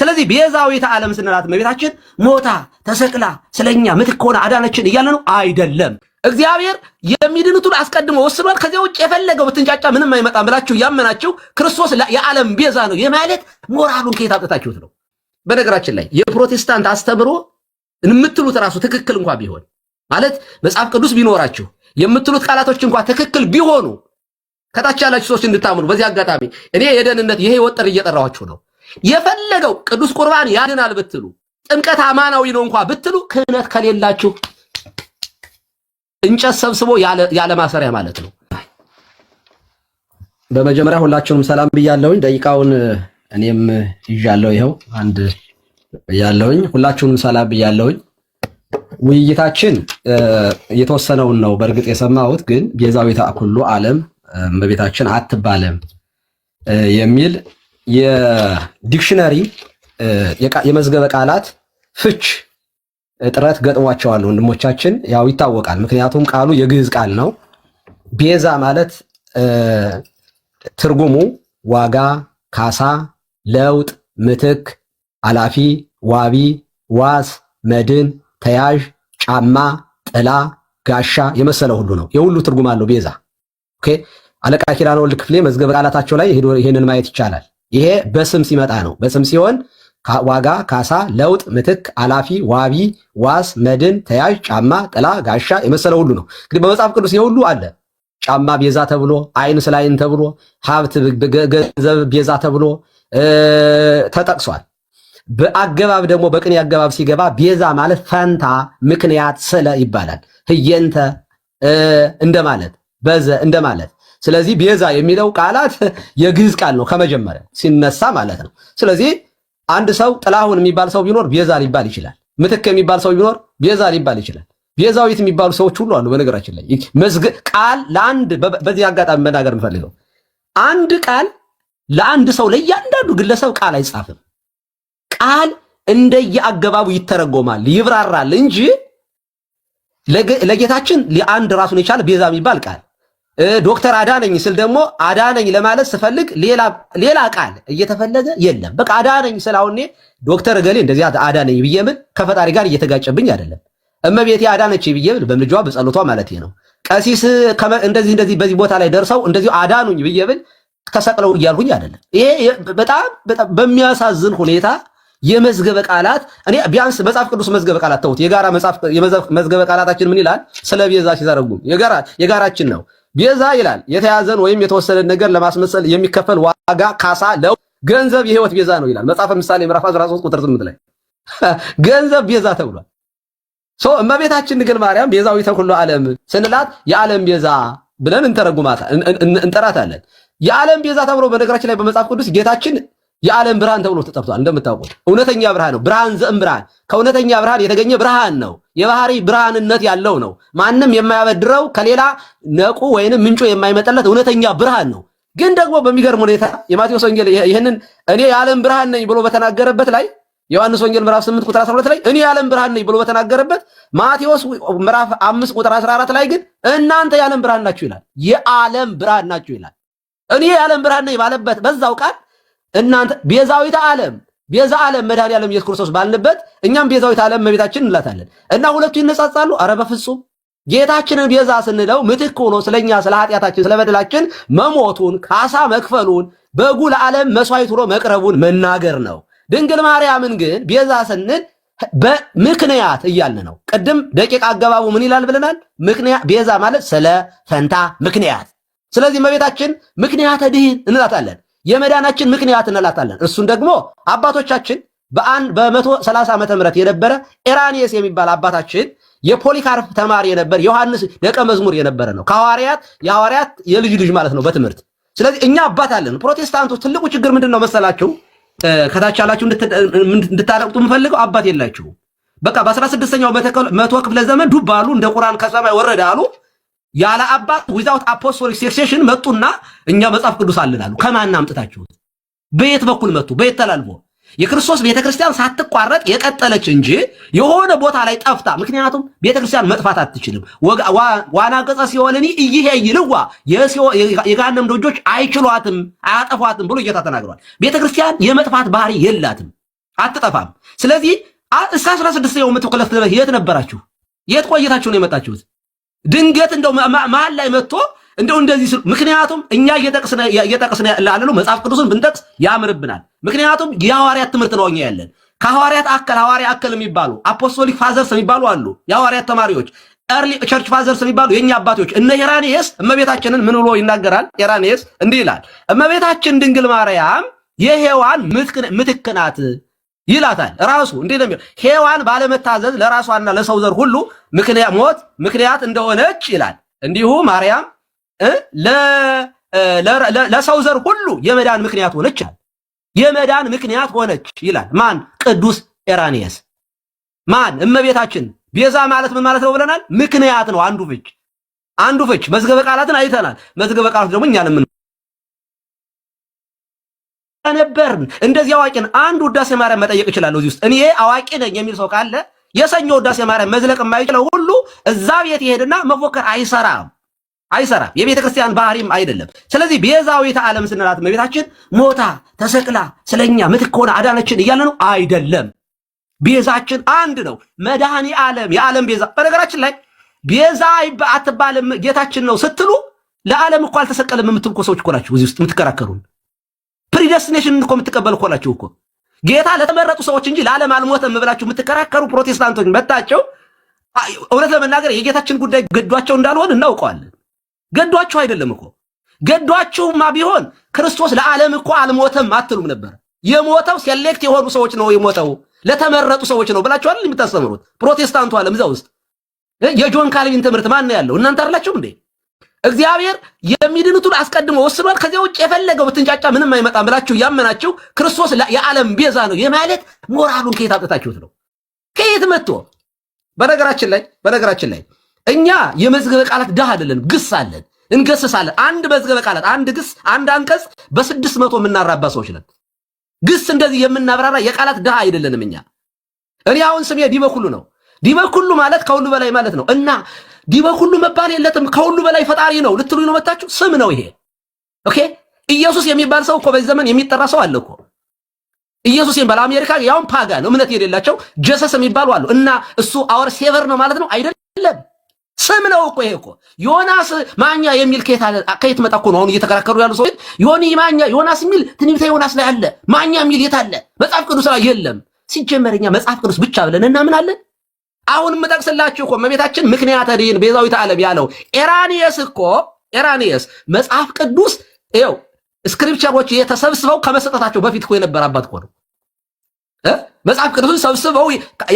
ስለዚህ ቤዛዊተ ዓለም ስንላት እመቤታችን ሞታ ተሰቅላ ስለኛ ምትክ ሆና አዳነችን እያለ ነው አይደለም። እግዚአብሔር የሚድኑትን አስቀድሞ ወስኗል። ከዚያ ውጭ የፈለገው ብትንጫጫ ምንም አይመጣም ብላችሁ ያመናችሁ ክርስቶስ የዓለም ቤዛ ነው የማለት ሞራሉን ከየት አምጥታችሁት ነው? በነገራችን ላይ የፕሮቴስታንት አስተምሮ የምትሉት ራሱ ትክክል እንኳ ቢሆን ማለት መጽሐፍ ቅዱስ ቢኖራችሁ የምትሉት ቃላቶች እንኳ ትክክል ቢሆኑ ከታች ያላችሁ ሰዎች እንድታምኑ በዚህ አጋጣሚ እኔ የደህንነት የህይወት ጥሪ እየጠራኋችሁ ነው። የፈለገው ቅዱስ ቁርባን ያድናል ብትሉ፣ ጥምቀት አማናዊ ነው እንኳ ብትሉ ክህነት ከሌላችሁ እንጨት ሰብስቦ ያለ ማሰሪያ ማለት ነው። በመጀመሪያ ሁላችሁንም ሰላም ብያለሁኝ። ደቂቃውን እኔም ይዣለሁ። ይኸው አንድ ያለሁኝ ሁላችሁንም ሰላም ብያለሁኝ። ውይይታችን የተወሰነውን ነው በእርግጥ የሰማሁት፣ ግን ቤዛዊተ ኩሉ ዓለም እመቤታችን አትባለም የሚል የዲክሽነሪ የመዝገበ ቃላት ፍች ጥረት ገጥሟቸዋል ወንድሞቻችን። ያው ይታወቃል፣ ምክንያቱም ቃሉ የግዕዝ ቃል ነው። ቤዛ ማለት ትርጉሙ ዋጋ፣ ካሳ፣ ለውጥ፣ ምትክ፣ አላፊ፣ ዋቢ፣ ዋስ፣ መድን፣ ተያዥ፣ ጫማ፣ ጥላ፣ ጋሻ የመሰለ ሁሉ ነው። የሁሉ ትርጉም አለው ቤዛ። ኦኬ። አለቃ ኪዳነ ወልድ ክፍሌ መዝገበ ቃላታቸው ላይ ይሄንን ማየት ይቻላል። ይሄ በስም ሲመጣ ነው። በስም ሲሆን ዋጋ፣ ካሳ፣ ለውጥ፣ ምትክ፣ አላፊ፣ ዋቢ፣ ዋስ፣ መድን፣ ተያዥ፣ ጫማ፣ ጥላ፣ ጋሻ የመሰለ ሁሉ ነው። እንግዲህ በመጽሐፍ ቅዱስ ይሄ ሁሉ አለ። ጫማ ቤዛ ተብሎ፣ አይን ስለ አይን ተብሎ፣ ሀብት ገንዘብ ቤዛ ተብሎ ተጠቅሷል። በአገባብ ደግሞ በቅኔ አገባብ ሲገባ ቤዛ ማለት ፈንታ፣ ምክንያት፣ ስለ ይባላል። ህየንተ እንደማለት በዘ እንደማለት ስለዚህ ቤዛ የሚለው ቃላት የግዕዝ ቃል ነው ከመጀመሪያ ሲነሳ ማለት ነው። ስለዚህ አንድ ሰው ጥላሁን የሚባል ሰው ቢኖር ቤዛ ሊባል ይችላል። ምትክ የሚባል ሰው ቢኖር ቤዛ ሊባል ይችላል። ቤዛዊት የሚባሉ ሰዎች ሁሉ አሉ። በነገራችን ላይ ቃል ለአንድ በዚህ አጋጣሚ መናገር የምፈልገው አንድ ቃል ለአንድ ሰው ለእያንዳንዱ ግለሰብ ቃል አይጻፍም። ቃል እንደየአገባቡ ይተረጎማል፣ ይብራራል እንጂ ለጌታችን አንድ ራሱን የቻለ ቤዛ የሚባል ቃል ዶክተር አዳነኝ ስል ደግሞ አዳነኝ ለማለት ስፈልግ ሌላ ቃል እየተፈለገ የለም። በቃ አዳነኝ ስል አሁን ዶክተር እገሌ እንደዚህ አዳነኝ ብዬ ብል ከፈጣሪ ጋር እየተጋጨብኝ አይደለም። እመቤቴ አዳነች ብዬ ብል በምልጇ በጸሎቷ ማለት ነው። ቀሲስ እንደዚህ እንደዚህ በዚህ ቦታ ላይ ደርሰው እንደዚሁ አዳኑኝ ብዬ ብል ተሰቅለው እያልኩኝ አይደለም። ይሄ በጣም በሚያሳዝን ሁኔታ የመዝገበ ቃላት እኔ ቢያንስ መጽሐፍ ቅዱስ መዝገበ ቃላት ተውት። የጋራ መዝገበ ቃላታችን ምን ይላል? ስለ ቤዛ ሲተረጉም የጋራችን ነው ቤዛ ይላል የተያዘን ወይም የተወሰደን ነገር ለማስመሰል የሚከፈል ዋጋ ካሳ፣ ለው ገንዘብ የህይወት ቤዛ ነው ይላል መጽሐፈ ምሳሌ ምዕራፍ 13 ቁጥር 8 ላይ ገንዘብ ቤዛ ተብሏል። ሶ እመቤታችን ድንግል ማርያም ቤዛዊ ኩሉ ዓለም ስንላት የዓለም ቤዛ ብለን እንተረጉማታ እንጠራታለን። የዓለም ቤዛ ተብሎ በነገራችን ላይ በመጽሐፍ ቅዱስ ጌታችን የዓለም ብርሃን ተብሎ ተጠርቷል። እንደምታውቁት እውነተኛ ብርሃን ነው። ብርሃን ዘእም ብርሃን ከእውነተኛ ብርሃን የተገኘ ብርሃን ነው። የባህሪ ብርሃንነት ያለው ነው። ማንም የማያበድረው ከሌላ ነቁ ወይንም ምንጩ የማይመጣለት እውነተኛ ብርሃን ነው። ግን ደግሞ በሚገርም ሁኔታ የማቴዎስ ወንጌል ይህንን እኔ የዓለም ብርሃን ነኝ ብሎ በተናገረበት ላይ ዮሐንስ ወንጌል ምዕራፍ 8 ቁጥር 12 ላይ እኔ የዓለም ብርሃን ነኝ ብሎ በተናገረበት ማቴዎስ ምዕራፍ 5 ቁጥር 14 ላይ ግን እናንተ የዓለም ብርሃን ናችሁ ይላል። የዓለም ብርሃን ናችሁ ይላል። እኔ የዓለም ብርሃን ነኝ ባለበት በዛው ቃል እናንተ ቤዛዊተ ዓለም ቤዛ ዓለም መድኃኔ ዓለም ኢየሱስ ክርስቶስ ባልንበት እኛም ቤዛዊት ዓለም መቤታችን እንላታለን እና ሁለቱ ይነጻጻሉ? አረ በፍጹም ጌታችንን ቤዛ ስንለው ምትክ ሆኖ ስለኛ ስለ ኃጢአታችን ስለ በደላችን መሞቱን ካሳ መክፈሉን በጉ ለዓለም መስዋዕት ሆኖ መቅረቡን መናገር ነው። ድንግል ማርያምን ግን ቤዛ ስንል በምክንያት እያልን ነው። ቅድም ደቂቃ አገባቡ ምን ይላል ብለናል። ምክንያት ቤዛ ማለት ስለ ፈንታ ምክንያት። ስለዚህ መቤታችን ምክንያተ ድኅን እንላታለን። የመዳናችን ምክንያት እንላታለን። እሱን ደግሞ አባቶቻችን በአንድ በመቶ ሰላሳ ዓመተ ምህረት የነበረ ኤራኒየስ የሚባል አባታችን የፖሊካርፕ ተማሪ የነበረ ዮሐንስ ደቀ መዝሙር የነበረ ነው። ከሐዋርያት የሐዋርያት የልጅ ልጅ ማለት ነው በትምህርት ስለዚህ እኛ አባት አለን። ፕሮቴስታንቶች ትልቁ ችግር ምንድን ነው መሰላችሁ? ከታች ያላችሁ እንድታለቁጡ የምፈልገው አባት የላችሁም። በቃ በአስራ ስድስተኛው መቶ ክፍለ ዘመን ዱብ አሉ፣ እንደ ቁራን ከሰማይ ወረደ አሉ። ያለ አባት ዊዛውት አፖስቶሊክ ሴክሴሽን መጡና እኛ መጽሐፍ ቅዱስ አሉ። ከማን አምጥታችሁት? በየት በኩል መጡ? በየት ተላልፎ የክርስቶስ ቤተክርስቲያን ሳትቋረጥ የቀጠለች እንጂ የሆነ ቦታ ላይ ጠፍታ። ምክንያቱም ቤተክርስቲያን መጥፋት አትችልም። ዋና ገጸ ሲኦልኒ ይሄ ይልዋ የገሃነም ደጆች አይችሏትም፣ አያጠፏትም ብሎ ጌታ ተናግሯል። ቤተክርስቲያን የመጥፋት ባህሪ የላትም፣ አትጠፋም። ስለዚህ እስከ 16 የምትክለት የት ነበራችሁ? የት ቆይታችሁ ነው የመጣችሁት? ድንገት እንደው መሀል ላይ መጥቶ እንደው እንደዚህ ስሉ። ምክንያቱም እኛ እየጠቅስን ያለነው መጽሐፍ ቅዱስን ብንጠቅስ ያምርብናል። ምክንያቱም የሐዋርያት ትምህርት ነው እኛ ያለን። ከሐዋርያት አከል ሐዋርያ አከል የሚባሉ አፖስቶሊክ ፋዘርስ የሚባሉ አሉ፣ የሐዋርያት ተማሪዎች ኤርሊ ቸርች ፋዘርስ የሚባሉ የኛ አባቶች እነ ሄራኔስ እመቤታችንን ምን ብሎ ይናገራል? ሄራኔስ እንዲህ ይላል፣ እመቤታችን ድንግል ማርያም የሔዋን ምትክናት ይላታል ራሱ እንዴት ነው ሔዋን ባለመታዘዝ ለራሷና ለሰው ዘር ሁሉ ምክንያት ሞት ምክንያት እንደሆነች ይላል። እንዲሁ ማርያም ለሰው ዘር ሁሉ የመዳን ምክንያት ሆነች ይላል። የመዳን ምክንያት ሆነች ይላል። ማን? ቅዱስ ኤራኒየስ። ማን? እመቤታችን። ቤዛ ማለት ምን ማለት ነው ብለናል? ምክንያት ነው። አንዱ ፍች አንዱ ፍች መዝገበ ቃላትን አይተናል። መዝገበ ቃላት ደግሞ እኛን ነበር እንደዚህ አዋቂን አንድ ውዳሴ ማርያም መጠየቅ ይችላል። እዚህ ውስጥ እኔ አዋቂ ነኝ የሚል ሰው ካለ የሰኞ ውዳሴ ማርያም መዝለቅ የማይችለው ሁሉ እዛ ቤት ይሄድና መፎከር አይሰራም አይሰራም። የቤተ ክርስቲያን ባህሪም አይደለም። ስለዚህ ቤዛዊተ ዓለም ስንላት እመቤታችን ሞታ ተሰቅላ ስለኛ ምትክ ሆና አዳነችን እያለ ነው አይደለም። ቤዛችን አንድ ነው። መድኃኒ ዓለም የዓለም ቤዛ። በነገራችን ላይ ቤዛ አትባልም ጌታችን ነው ስትሉ ለዓለም እኮ አልተሰቀለም የምትንኮ ሰዎች እኮ እዚህ ውስጥ የምትከራከሩን ፕሪደስቲኔሽን እኮ የምትቀበል እኮ ናችሁ እኮ ጌታ ለተመረጡ ሰዎች እንጂ ለዓለም አልሞተም ብላችሁ የምትከራከሩ ፕሮቴስታንቶች መታቸው። እውነት ለመናገር የጌታችን ጉዳይ ገዷቸው እንዳልሆን እናውቀዋለን። ገዷችሁ አይደለም እኮ ገዷችሁማ ቢሆን ክርስቶስ ለዓለም እኮ አልሞተም አትሉም ነበር። የሞተው ሴሌክት የሆኑ ሰዎች ነው የሞተው ለተመረጡ ሰዎች ነው ብላችኋል የምታስተምሩት ፕሮቴስታንቱ ዓለም እዛ ውስጥ የጆን ካልቪን ትምህርት ማን ያለው? እናንተ አላችሁም እንዴ? እግዚአብሔር የሚድኑትን አስቀድሞ ወስኗል። ከዚያ ውጭ የፈለገው ብትንጫጫ ምንም አይመጣም ብላችሁ ያመናችሁ ክርስቶስ የዓለም ቤዛ ነው የማለት ሞራሉን ከየት ነው? ከየት መጥቶ? በነገራችን ላይ በነገራችን ላይ እኛ የመዝገበ ቃላት ድሃ አይደለን፣ ግስ አለን፣ እንገስሳለን። አንድ መዝገበ ቃላት፣ አንድ ግስ፣ አንድ አንቀጽ በስድስት መቶ የምናራባ ሰዎች ነን። ግስ እንደዚህ የምናብራራ የቃላት ድሃ አይደለንም እኛ። እኔ አሁን ስሜ ዲበኩሉ ነው። ዲበኩሉ ማለት ከሁሉ በላይ ማለት ነው እና ዲበ ሁሉ መባል የለትም ከሁሉ በላይ ፈጣሪ ነው ልትሉ ነው መታችሁ። ስም ነው ይሄ። ኦኬ ኢየሱስ የሚባል ሰው እኮ በዚህ ዘመን የሚጠራ ሰው አለ እኮ ኢየሱስ የሚባል አሜሪካ፣ ያውም ፓጋን እምነት የሌላቸው ጀሰስ የሚባሉ አሉ። እና እሱ አወር ሴቨር ነው ማለት ነው አይደለም። ስም ነው እኮ ይሄ እኮ ዮናስ ማኛ የሚል ከየት መጣ እኮ ነው አሁን እየተከራከሩ ያሉ ሰው ዮኒ ማኛ ዮናስ የሚል ትንቢተ ዮናስ ላይ አለ። ማኛ የሚል የት አለ? መጽሐፍ ቅዱስ ላይ የለም። ሲጀመር እኛ መጽሐፍ ቅዱስ ብቻ ብለን እናምናለን። አሁን የምጠቅስላችሁ እኮ እመቤታችን ምክንያተ ድኅን ቤዛዊተ ዓለም ያለው ኤራኒየስ እኮ ኤራኒየስ መጽሐፍ ቅዱስ ይኸው ስክሪፕቸሮች የተሰብስበው ከመሰጠታቸው በፊት እኮ የነበረ አባት እኮ ነው። መጽሐፍ ቅዱስን ሰብስበው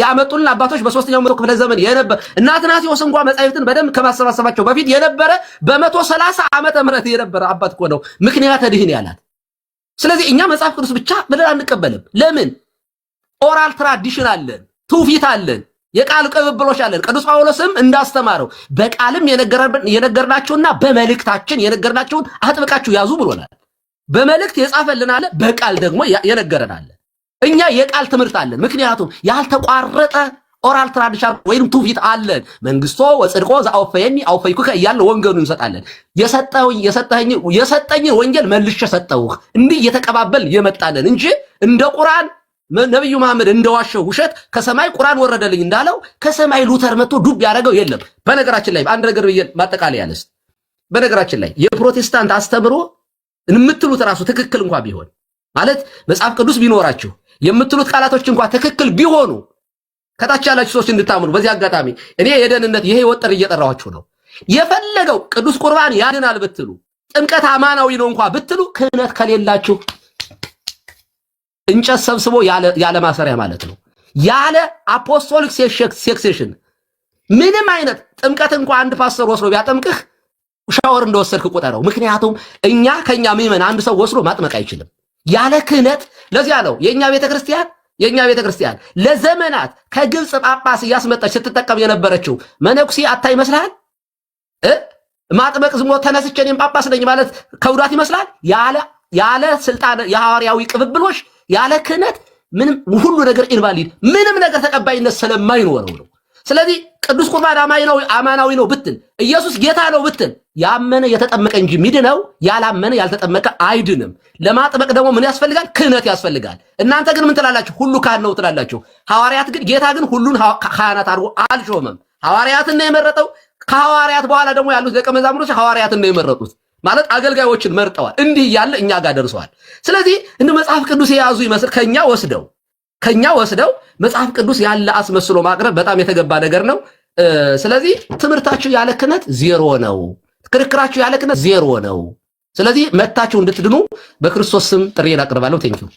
ያመጡልን አባቶች በሶስተኛው መቶ ክፍለ ዘመን የነበረ እና አትናቴዎስ እንኳ መጻሕፍትን በደንብ ከማሰባሰባቸው በፊት የነበረ በመቶ ሰላሳ ዓመተ ምህረት የነበረ አባት እኮ ነው ምክንያተ ድኅን ያላት። ስለዚህ እኛ መጽሐፍ ቅዱስ ብቻ ብለን አንቀበልም። ለምን? ኦራል ትራዲሽን አለን፣ ትውፊት አለን። የቃል ቅብብሎች አለን። ቅዱስ ጳውሎስም እንዳስተማረው በቃልም የነገርናችሁና በመልእክታችን የነገርናችሁን አጥብቃችሁ ያዙ ብሎናል። በመልእክት የጻፈልን አለ፣ በቃል ደግሞ የነገረን አለ። እኛ የቃል ትምህርት አለን። ምክንያቱም ያልተቋረጠ ኦራል ትራዲሽን ወይም ትውፊት አለን። መንግስቶ ወጽድቆ ዘአውፈየኒ አውፈይኩከ እያለ ወንጌሉን እንሰጣለን። የሰጠኝን ወንጌል መልሼ ሰጠውህ። እንዲህ እየተቀባበል የመጣለን እንጂ እንደ ቁርአን ነቢዩ መሐመድ እንደዋሸው ውሸት ከሰማይ ቁርአን ወረደልኝ እንዳለው ከሰማይ ሉተር መጥቶ ዱብ ያደረገው የለም። በነገራችን ላይ አንድ ነገር ማጠቃለያ ያለስ በነገራችን ላይ የፕሮቴስታንት አስተምሮ የምትሉት ራሱ ትክክል እንኳ ቢሆን ማለት መጽሐፍ ቅዱስ ቢኖራችሁ የምትሉት ቃላቶች እንኳ ትክክል ቢሆኑ ከታች ያላችሁ ሰዎች እንድታምኑ በዚህ አጋጣሚ እኔ የደህንነት ይሄ ወጠር እየጠራኋችሁ ነው። የፈለገው ቅዱስ ቁርባን ያድናል ብትሉ ጥምቀት አማናዊ ነው እንኳ ብትሉ ክህነት ከሌላችሁ እንጨት ሰብስቦ ያለ ማሰሪያ ማለት ነው። ያለ አፖስቶሊክ ሴክሴሽን ምንም አይነት ጥምቀት እንኳ አንድ ፓስተር ወስዶ ቢያጠምቅህ ሻወር እንደወሰድክ ቁጠረው። ምክንያቱም እኛ ከኛ ምዕመን አንድ ሰው ወስዶ ማጥመቅ አይችልም ያለ ክህነት። ለዚያ ነው የእኛ ቤተክርስቲያን የእኛ ቤተክርስቲያን ለዘመናት ከግብፅ ጳጳስ እያስመጣች ስትጠቀም የነበረችው መነኩሴ አታ ይመስልሃል? ማጥመቅ ዝሞ ተነስቼ እኔም ጳጳስ ነኝ ማለት ከውዳት ይመስላል። ያለ ስልጣን የሐዋርያዊ ቅብብሎች ያለ ክህነት ምንም ሁሉ ነገር ኢንቫሊድ ምንም ነገር ተቀባይነት ስለማይኖረው ነው። ስለዚህ ቅዱስ ቁርባን አማናዊ ነው ብትል፣ ኢየሱስ ጌታ ነው ብትል፣ ያመነ የተጠመቀ እንጂ ነው ያላመነ ያልተጠመቀ አይድንም። ለማጥመቅ ደግሞ ምን ያስፈልጋል? ክህነት ያስፈልጋል። እናንተ ግን ምን ትላላችሁ? ሁሉ ካህን ነው ትላላችሁ። ሐዋርያት ግን ጌታ ግን ሁሉን ካህናት አድርጎ አልሾመም። ሐዋርያትን ነው የመረጠው። ከሐዋርያት በኋላ ደግሞ ያሉት ደቀ መዛሙርቶች ሐዋርያትን ነው የመረጡት። ማለት አገልጋዮችን መርጠዋል። እንዲህ እያለ እኛ ጋር ደርሰዋል። ስለዚህ እንደ መጽሐፍ ቅዱስ የያዙ ይመስል ከኛ ወስደው ከኛ ወስደው መጽሐፍ ቅዱስ ያለ አስመስሎ ማቅረብ በጣም የተገባ ነገር ነው። ስለዚህ ትምህርታችሁ ያለ ክነት ዜሮ ነው። ክርክራችሁ ያለ ዜሮ ነው። ስለዚህ መታችሁ እንድትድኑ በክርስቶስ ስም ጥሪ አቀርባለሁ። ቴንኪው